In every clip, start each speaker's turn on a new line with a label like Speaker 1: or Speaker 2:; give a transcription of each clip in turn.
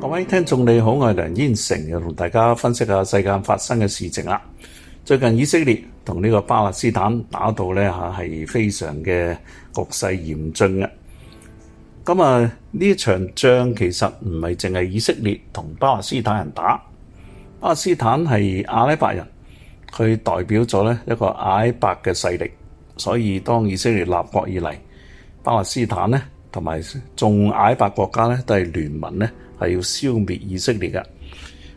Speaker 1: 各位聽眾你好，我係梁燕城，又同大家分析下世界發生嘅事情啦。最近以色列同呢個巴勒斯坦打到咧吓係非常嘅局勢嚴峻嘅。咁啊，呢場仗其實唔係淨係以色列同巴勒斯坦人打，巴勒斯坦係阿拉伯人，佢代表咗咧一個阿拉伯嘅勢力，所以當以色列立國以嚟，巴勒斯坦咧同埋眾阿拉伯國家咧都係聯盟咧。係要消滅以色列嘅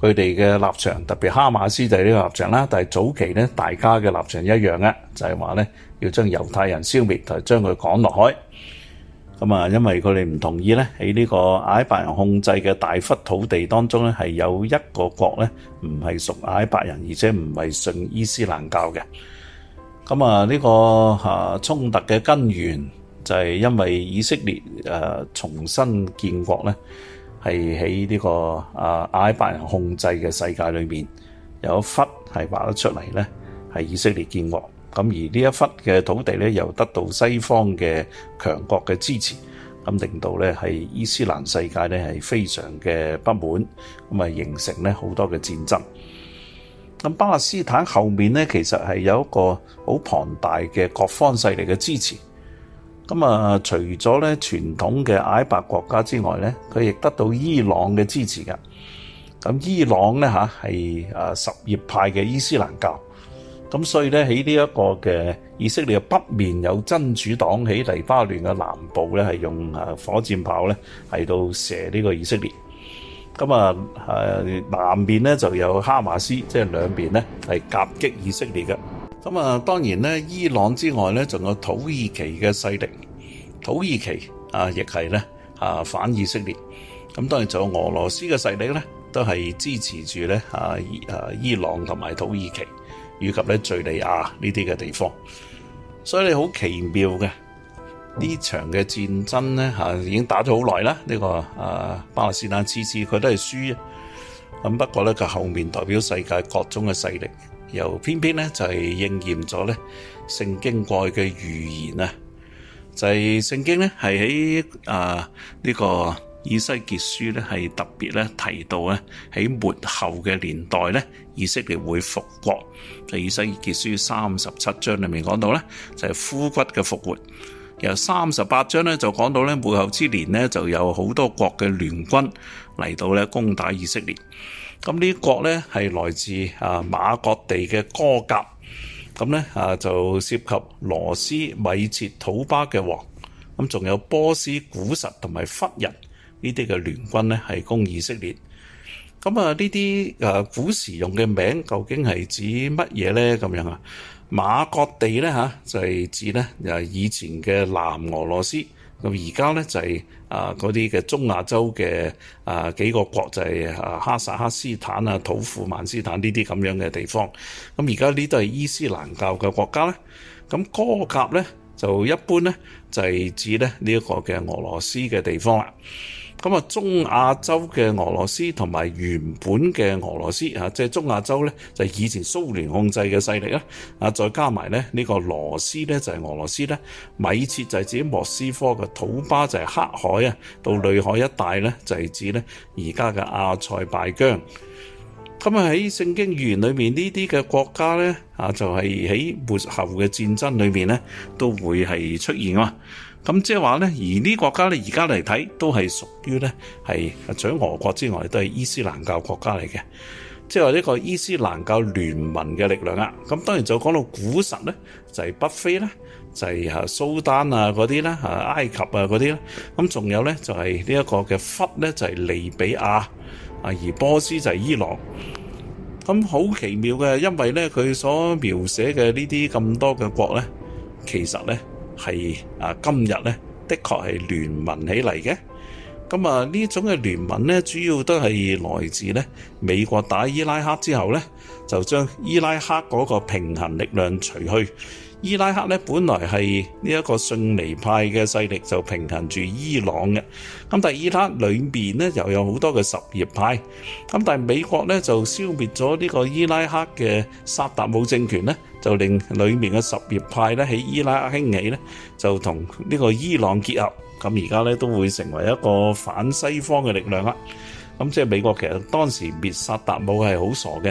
Speaker 1: 佢哋嘅立場，特別哈馬斯就係呢個立場啦。但係早期咧，大家嘅立場一樣啊，就係話咧要將猶太人消滅，就係將佢趕落海。咁啊，因為佢哋唔同意咧喺呢個阿拉伯人控制嘅大忽土地當中咧，係有一個國咧唔係屬阿拉伯人，而且唔係信伊斯蘭教嘅。咁啊，呢個嚇衝突嘅根源就係因為以色列誒重新建國咧。係喺呢個啊阿拉伯人控制嘅世界裏面，有一忽係畫得出嚟，呢係以色列建國。咁而呢一忽嘅土地呢，又得到西方嘅強國嘅支持，咁令到呢係伊斯蘭世界呢係非常嘅不滿，咁啊形成呢好多嘅戰爭。咁巴勒斯坦後面呢，其實係有一個好龐大嘅各方勢力嘅支持。咁啊，除咗咧傳統嘅矮白國家之外咧，佢亦得到伊朗嘅支持噶。咁伊朗咧吓係啊什葉、啊、派嘅伊斯蘭教，咁所以咧喺呢一個嘅以色列嘅北面有真主黨喺黎巴嫩嘅南部咧係用啊火箭炮咧係到射呢個以色列。咁啊，啊南面咧就有哈馬斯，即係兩邊咧係夾擊以色列嘅。咁啊，當然咧，伊朗之外咧，仲有土耳其嘅勢力，土耳其啊，亦係咧啊反以色列。咁當然仲有俄羅斯嘅勢力咧，都係支持住咧啊啊伊朗同埋土耳其以及咧敍利亞呢啲嘅地方。所以你好奇妙嘅呢場嘅戰爭咧嚇已經打咗好耐啦。呢個啊巴勒斯坦次次佢都係輸啊。咁不過咧，佢後面代表世界各種嘅勢力。又偏偏咧就係應驗咗咧聖經過去嘅預言，就係、啊！就係聖經咧係喺啊呢個以西結書咧係特別咧提到咧喺末後嘅年代咧以色列會復國，就係、以西結書三十七章裏面講到咧就係枯骨嘅復活，由三十八章咧就講到咧末後之年呢，就有好多國嘅聯軍嚟到咧攻打以色列。咁呢國咧係來自啊馬各地嘅歌革，咁咧，啊就涉及羅斯、米設、土巴嘅王，咁仲有波斯、古實同埋弗人聯呢啲嘅聯軍咧係攻以色列。咁啊呢啲誒古時用嘅名究竟係指乜嘢咧？咁樣啊馬各地咧吓就係、是、指咧、就係、以前嘅南俄羅斯。咁而家咧就係啊嗰啲嘅中亞洲嘅啊幾個國就係、是、啊哈薩克斯坦啊、土庫曼斯坦呢啲咁樣嘅地方，咁而家呢都係伊斯蘭教嘅國家咧，咁歌革咧就一般咧就係指咧呢一個嘅俄羅斯嘅地方啦。咁啊，中亞洲嘅俄羅斯同埋原本嘅俄羅斯啊，即係中亞洲咧，就係以前蘇聯控制嘅勢力啦。啊，再加埋咧呢個羅斯咧，就係俄羅斯咧。米設就係指莫斯科嘅，土巴就係黑海啊到裏海一帶咧，就係指咧而家嘅阿塞拜疆。咁啊喺聖經語言裏面呢啲嘅國家咧，啊就係喺末後嘅戰爭裏面咧，都會係出現啊嘛。咁即係話呢，而呢國家呢，而家嚟睇都係屬於呢，係除咗俄國之外，都係伊斯蘭教國家嚟嘅，即係話呢個伊斯蘭教聯盟嘅力量啦。咁當然就講到古實呢，就係北非啦，就係蘇丹啊嗰啲啦，埃及啊嗰啲啦，咁仲有呢，就係呢一個嘅忽呢，就係利比亞啊，而波斯就係伊朗。咁好奇妙嘅，因為呢，佢所描寫嘅呢啲咁多嘅國呢，其實呢。係啊，今日咧，的確係聯盟起嚟嘅。咁啊，呢種嘅聯盟咧，主要都係來自咧美國打伊拉克之後咧，就將伊拉克嗰個平衡力量除去。伊拉克咧，本來係呢一個遜尼派嘅勢力就平衡住伊朗嘅。咁但係伊拉克裏面咧，又有好多嘅什葉派。咁但係美國咧就消滅咗呢個伊拉克嘅薩達姆政權咧，就令裏面嘅什葉派咧喺伊拉克興起咧，就同呢個伊朗結合。咁而家咧都會成為一個反西方嘅力量啦。咁即係美國其實當時滅薩達姆係好傻嘅，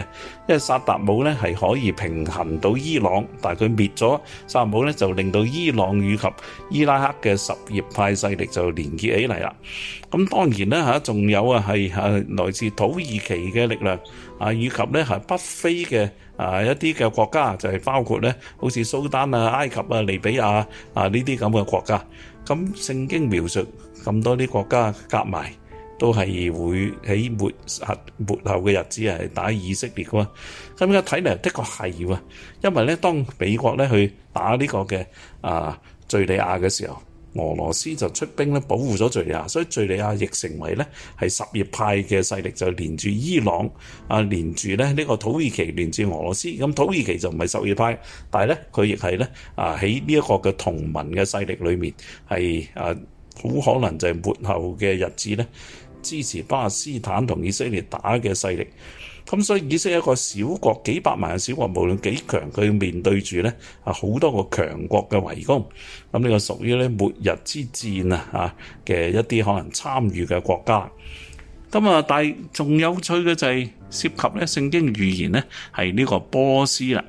Speaker 1: 因為薩達姆咧係可以平衡到伊朗，但係佢滅咗薩達姆咧就令到伊朗以及伊拉克嘅什葉派勢力就連結起嚟啦。咁當然咧嚇，仲有啊係係來自土耳其嘅力量啊，以及咧係北非嘅啊一啲嘅國家，就係、是、包括咧好似蘇丹啊、埃及啊、利比亞啊呢啲咁嘅國家。咁聖經描述咁多啲國家夾埋，都係會喺末末後嘅日子係打以色列㗎喎，咁樣睇嚟的確係喎，因為咧當美國咧去打呢個嘅啊敍利亞嘅時候，俄羅斯就出兵咧保護咗敍利亞，所以敍利亞亦成為咧係什葉派嘅勢力，就連住伊朗啊，連住咧呢個土耳其，連住俄羅斯。咁土耳其就唔係什葉派，但係咧佢亦係咧啊喺呢一個嘅同盟嘅勢力裏面係啊好可能就係末後嘅日子咧。chỉ 支持巴勒斯坦同以色列打嘅勢力，咁所以以色列一個小國，幾百萬嘅小國，無論幾強，佢面對住呢啊好多個強國嘅圍攻。咁呢個屬於呢末日之戰啊啊嘅一啲可能參與嘅國家咁啊但係仲有趣嘅就係涉及呢聖經預言呢係呢個波斯啦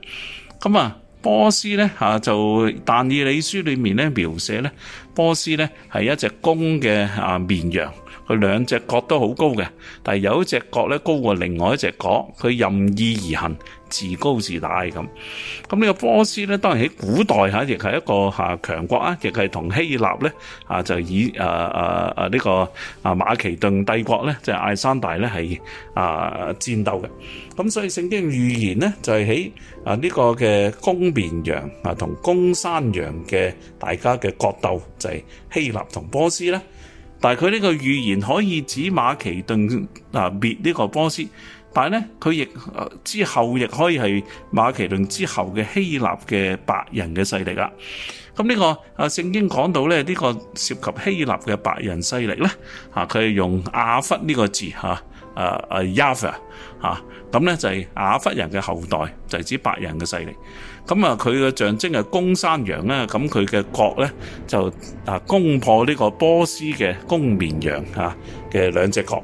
Speaker 1: 佢兩隻角都好高嘅，但係有一隻角咧高過另外一隻角，佢任意而行，自高自大咁。咁呢個波斯咧，當然喺古代嚇亦係一個嚇強國啊，亦係同希臘咧啊就以啊啊啊呢個啊馬其頓帝國咧，就係、是、艾山大咧係啊戰鬥嘅。咁所以聖經預言咧就係喺啊呢個嘅公綿羊啊同公山羊嘅大家嘅角鬥，就係、是、希臘同波斯咧。但係佢呢個預言可以指馬其頓啊滅呢個波斯，但係咧佢亦之後亦可以係馬其頓之後嘅希臘嘅白人嘅勢力。咁呢個啊聖經講到咧呢個涉及希臘嘅白人勢力咧，啊佢係用「阿弗」呢個字吓。誒、啊、誒、啊、雅弗嚇，咁、啊、咧就係、是、雅弗人嘅後代，就係、是、指白人嘅勢力。咁啊，佢嘅象徵係公山羊，咁佢嘅角咧就啊攻破呢個波斯嘅公綿羊嘅、啊、兩隻角。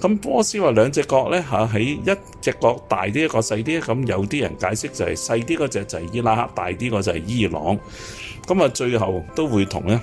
Speaker 1: 咁、啊、波斯話兩隻角咧喺一隻角大啲一個細啲，咁有啲人解釋就係細啲嗰隻就係伊拉克，大啲個就係伊朗。咁啊，最後都會同咧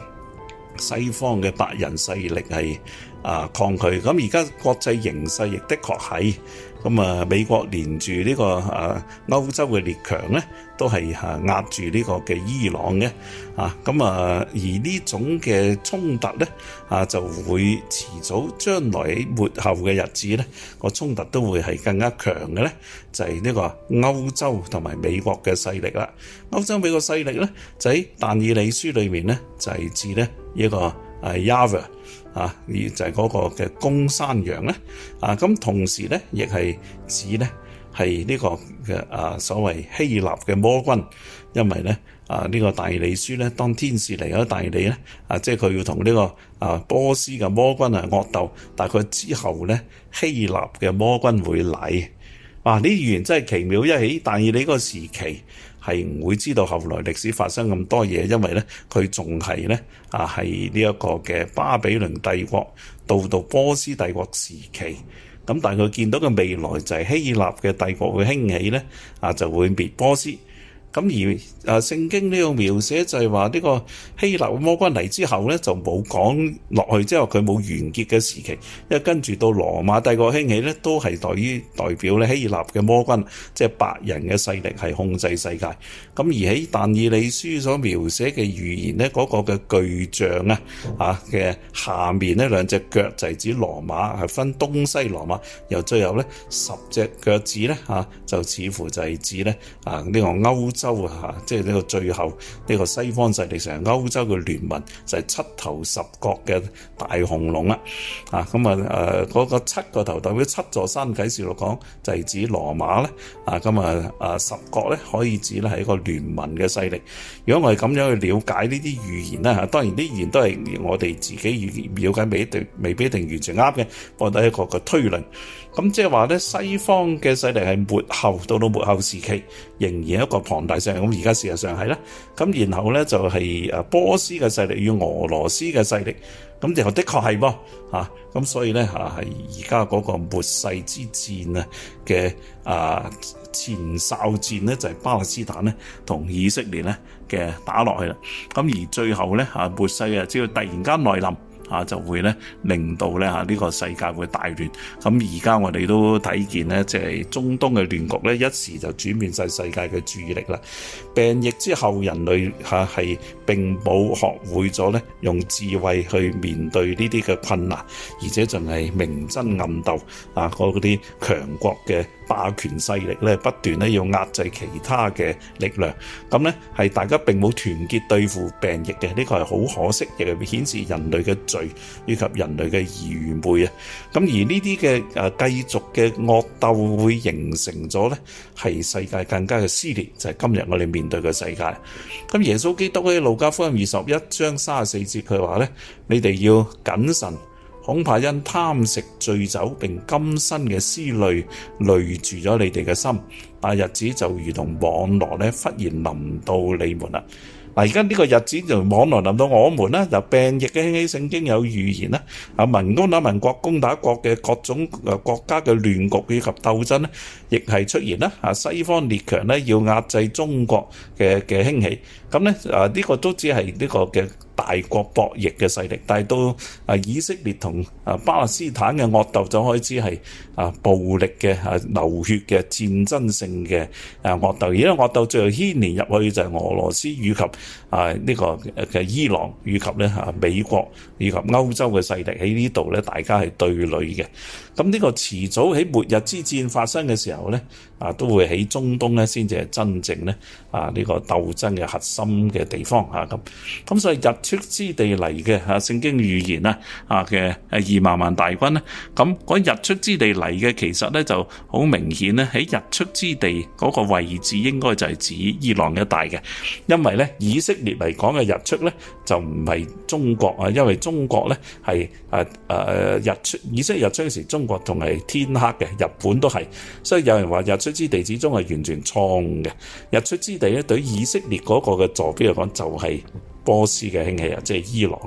Speaker 1: 西方嘅白人勢力係。啊，抗拒。咁而家國際形勢亦的確係咁，啊，美國連住呢個啊歐洲嘅列強咧，都係嚇壓住呢個嘅伊朗嘅，啊，咁啊而呢種嘅衝突咧啊就會遲早將來末後嘅日子咧，個衝突都會係更加強嘅咧，就係呢個歐洲同埋美國嘅勢力啦。歐洲美國勢力咧就喺但以理書裏面咧就係指咧一個誒 Yahweh 啊！而就係、是、嗰個嘅公山羊咧，啊咁同時咧，亦係指咧係呢、這個嘅啊所謂希臘嘅魔君，因為咧啊呢、這個但以理書咧當天使嚟咗但以理咧啊，即係佢要同呢個啊波斯嘅魔君啊惡鬥，但係佢之後咧希臘嘅魔君會嚟哇！啲、啊、語言真係奇妙，一起但以理嗰個時期。係唔會知道後來歷史發生咁多嘢，因為咧佢仲係咧啊，係呢一個嘅巴比倫帝國到到波斯帝國時期，咁但係佢見到嘅未來就係希臘嘅帝國會興起咧，啊就會滅波斯。咁而誒，聖經呢個描寫就係話呢個希臘嘅魔君嚟之後咧，就冇講落去之後佢冇完結嘅時期，因為跟住到羅馬帝國興起咧都係代於代表咧希臘嘅魔君，即係白人嘅勢力係控制世界。咁而喺但以理書所描寫嘅預言咧嗰個嘅巨像啊吓嘅下面咧兩隻腳就係指羅馬係分東西羅馬，又最後咧十隻腳趾咧吓就似乎就係指咧啊呢個歐洲。洲啊，即係呢個最後呢、這個西方勢力上，歐洲嘅聯盟就係、是、七頭十角嘅大紅龍啦。啊，咁啊誒，嗰、呃那個七個頭代表七座山，啟示錄講就係、是、指羅馬啊，咁啊啊十角咧可以指咧係一個聯盟嘅勢力。如果我哋咁樣去了解呢啲預言咧，吓，當然啲預言都係我哋自己了解，未必未必一定完全啱嘅，我都係一個嘅推論。咁即係話咧，西方嘅勢力係末後，到到末後時期仍然係一個龐大勢力。咁而家事實上係啦，咁然後咧就係波斯嘅勢力與俄羅斯嘅勢力，咁然後的確係喎，吓，咁所以咧，吓係而家嗰個末世之戰啊嘅啊前哨戰咧就係巴勒斯坦咧同以色列咧嘅打落去啦。咁而最後咧末世啊只要突然間來臨。吓、啊、就會咧令到咧吓呢、啊這個世界會大亂，咁而家我哋都睇見咧，即、就、係、是、中東嘅亂局咧，一時就轉變晒世界嘅注意力啦。病疫之後，人類，吓、啊、係並冇學會咗咧用智慧去面對呢啲嘅困難，而且仲係明爭暗鬥啊！嗰嗰啲強國嘅。霸權勢力咧不斷咧要壓制其他嘅力量，咁咧係大家並冇團結對付病疫嘅，呢個係好可惜，亦係顯示人類嘅罪以及人類嘅愚昧啊！咁而呢啲嘅誒繼續嘅惡鬥會形成咗咧，係世界更加嘅撕裂，就係今日我哋面對嘅世界。咁耶穌基督喺路加福音二十一章三十四節佢話咧：你哋要謹慎。恐怕因貪食醉酒並今生嘅思慮累住咗你哋嘅心，但日子就如同網羅咧忽然臨到你們啦。嗱，而家呢個日子就網羅臨到我們啦，就病疫嘅興起，聖經有預言啦。啊，民攻打民，國攻打國嘅各種啊國家嘅亂局以及鬥爭咧，亦係出現啦。啊，西方列強咧要壓制中國嘅嘅興起，咁咧啊呢個都只係呢個嘅。大國博弈嘅勢力，但係到啊以色列同啊巴勒斯坦嘅惡鬥就開始係啊暴力嘅啊流血嘅戰爭性嘅啊惡鬥，而呢惡鬥最後牽連入去就係俄羅斯以及。啊！呢、這個嘅伊朗以及咧嚇美國以及歐洲嘅勢力喺呢度咧，大家係對壘嘅。咁呢個遲早喺末日之戰發生嘅時候咧，啊都會喺中東咧先至係真正咧啊呢、這個鬥爭嘅核心嘅地方嚇咁。咁、啊、所以日出之地嚟嘅嚇聖經預言啊啊嘅誒二萬萬大軍咧、啊，咁、啊、嗰、那個、日出之地嚟嘅其實咧就好明顯咧、啊、喺日出之地嗰個位置應該就係指伊朗一帶嘅，因為咧以色以色列嚟講嘅日出咧，就唔係中國啊，因為中國咧係誒誒日出，以色列日出嗰時，中國仲係天黑嘅，日本都係，所以有人話日出之地始終係完全錯誤嘅。日出之地咧，對以色列嗰個嘅坐標嚟講，就係、是、波斯嘅興起啊，即係伊朗。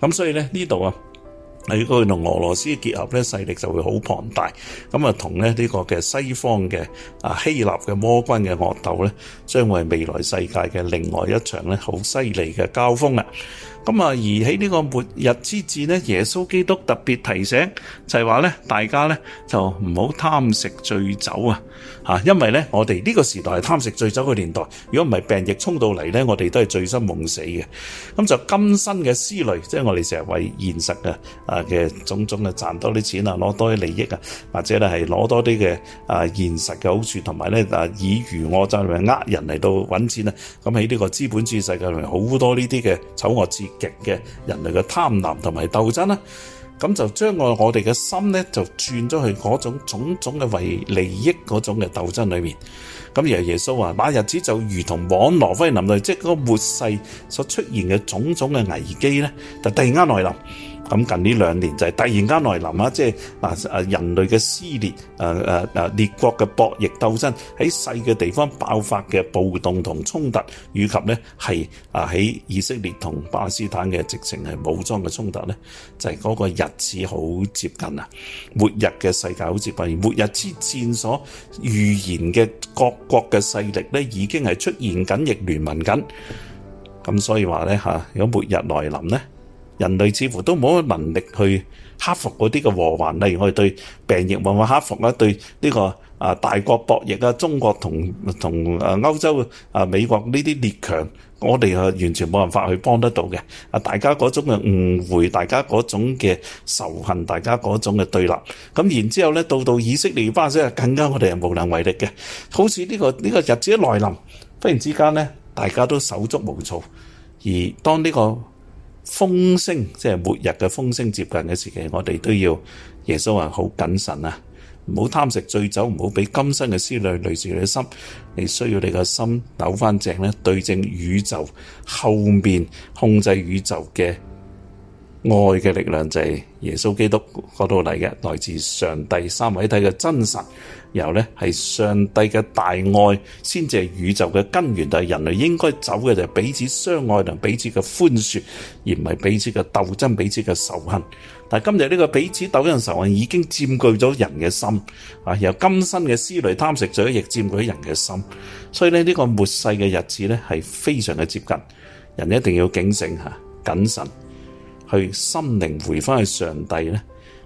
Speaker 1: 咁所以咧呢度啊。如果佢同俄羅斯結合咧，勢力就會好龐大。咁啊，同咧呢個嘅西方嘅啊希臘嘅魔軍嘅惡鬥咧，將為未來世界嘅另外一場咧好犀利嘅交鋒啦。咁啊，而喺呢個末日之戰咧，耶穌基督特別提醒就係話咧，大家咧就唔好貪食醉酒啊！嚇，因為咧，我哋呢個時代係貪食醉酒嘅年代。如果唔係病疫衝到嚟咧，我哋都係醉生夢死嘅。咁就今生嘅思慮，即係我哋成日為現實嘅啊嘅種種嘅賺多啲錢啊，攞多啲利益啊，或者咧係攞多啲嘅啊現實嘅好處，同埋咧啊爾虞我詐嚟呃人嚟到揾錢啊。咁喺呢個資本主義世界裏面好多呢啲嘅醜惡事。極嘅人類嘅貪婪同埋鬥爭啦，咁就將我我哋嘅心咧就轉咗去嗰種種種嘅為利益嗰種嘅鬥爭裏面，咁而係耶穌話那日子就如同網羅非林類，即係個末世所出現嘅種種嘅危機咧，就突然間來臨。咁近呢兩年就係突然間來臨啊！即係嗱誒人類嘅撕裂，誒誒誒列國嘅博弈鬥爭，喺細嘅地方爆發嘅暴動同衝突，以及咧係啊喺以色列同巴勒斯坦嘅直情係武裝嘅衝突咧，就係嗰個日子好接近啊！末日嘅世界好接近，末日之戰所預言嘅各國嘅勢力咧已經係出現緊，亦聯盟緊，咁所以話咧嚇，如果末日來臨咧？人類似乎都冇乜能力去克服嗰啲嘅禍患，例如我哋對病疫，或或克服啊，對呢個啊大國博弈啊，中國同同啊歐洲啊美國呢啲列強，我哋係完全冇辦法去幫得到嘅。啊，大家嗰種嘅誤會，大家嗰種嘅仇恨，大家嗰種嘅對立，咁然之後咧，到到以色列巴塞更加我哋係無能為力嘅。好似呢個呢個日子一來臨，忽然之間咧，大家都手足無措，而當呢個風聲即係末日嘅風聲接近嘅時期，我哋都要耶穌話好謹慎啊！唔好貪食醉酒，唔好畀今生嘅思慮累住你嘅心。你需要你嘅心扭翻正咧，對正宇宙後面控制宇宙嘅。愛嘅力量就是耶穌基督嗰度嚟嘅，來自上帝三位一體嘅真神，然後咧係上帝嘅大愛，先至係宇宙嘅根源。就是人類應該走嘅就是彼此相愛同彼此嘅寬恕，而唔是彼此嘅鬥爭、彼此嘅仇恨。但今日呢個彼此鬥爭仇恨已經佔據咗人嘅心，啊，由今生嘅思慮貪食罪亦佔據了人嘅心。所以呢呢個末世嘅日子呢，是非常嘅接近，人一定要警醒吓、謹慎。去心靈回返去上帝呢，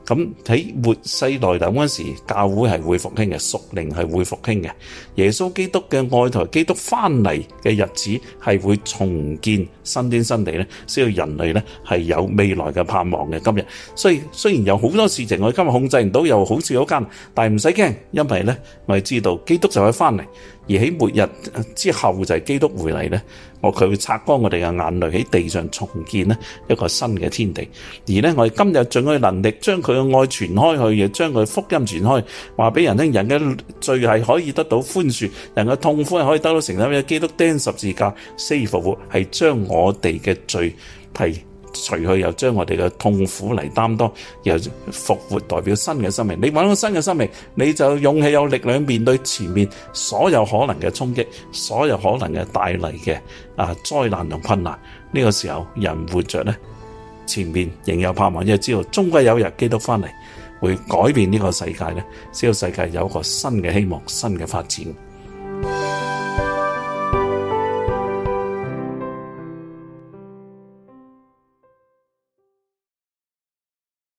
Speaker 1: 咁喺末世嚟臨嗰時，教會係會復興嘅，屬靈係會復興嘅，耶穌基督嘅愛台基督翻嚟嘅日子係會重建。新天新地咧，需要人類咧係有未來嘅盼望嘅。今日，所以雖然有好多事情我哋今日控制唔到，又好似嗰間，但係唔使驚，因為咧我哋知道基督就會翻嚟，而喺末日之後就係基督回嚟咧，我佢會擦乾我哋嘅眼淚，喺地上重建呢一個新嘅天地。而咧我哋今日盡佢嘅能力，將佢嘅愛傳開去，亦將佢福音傳開，話俾人聽。人嘅罪係可以得到寬恕，人嘅痛苦係可以得到承擔嘅。基督釘十字架，死而復活係將。我哋嘅罪除去，又將我哋嘅痛苦嚟擔當，又復活代表新嘅生命。你揾到新嘅生命，你就勇氣有力量面對前面所有可能嘅衝擊，所有可能嘅帶嚟嘅啊災難同困難。呢、這個時候人活着呢，前面仍有盼望，因為知道終歸有日基督翻嚟會改變呢個世界呢，使到世界有個新嘅希望、新嘅發展。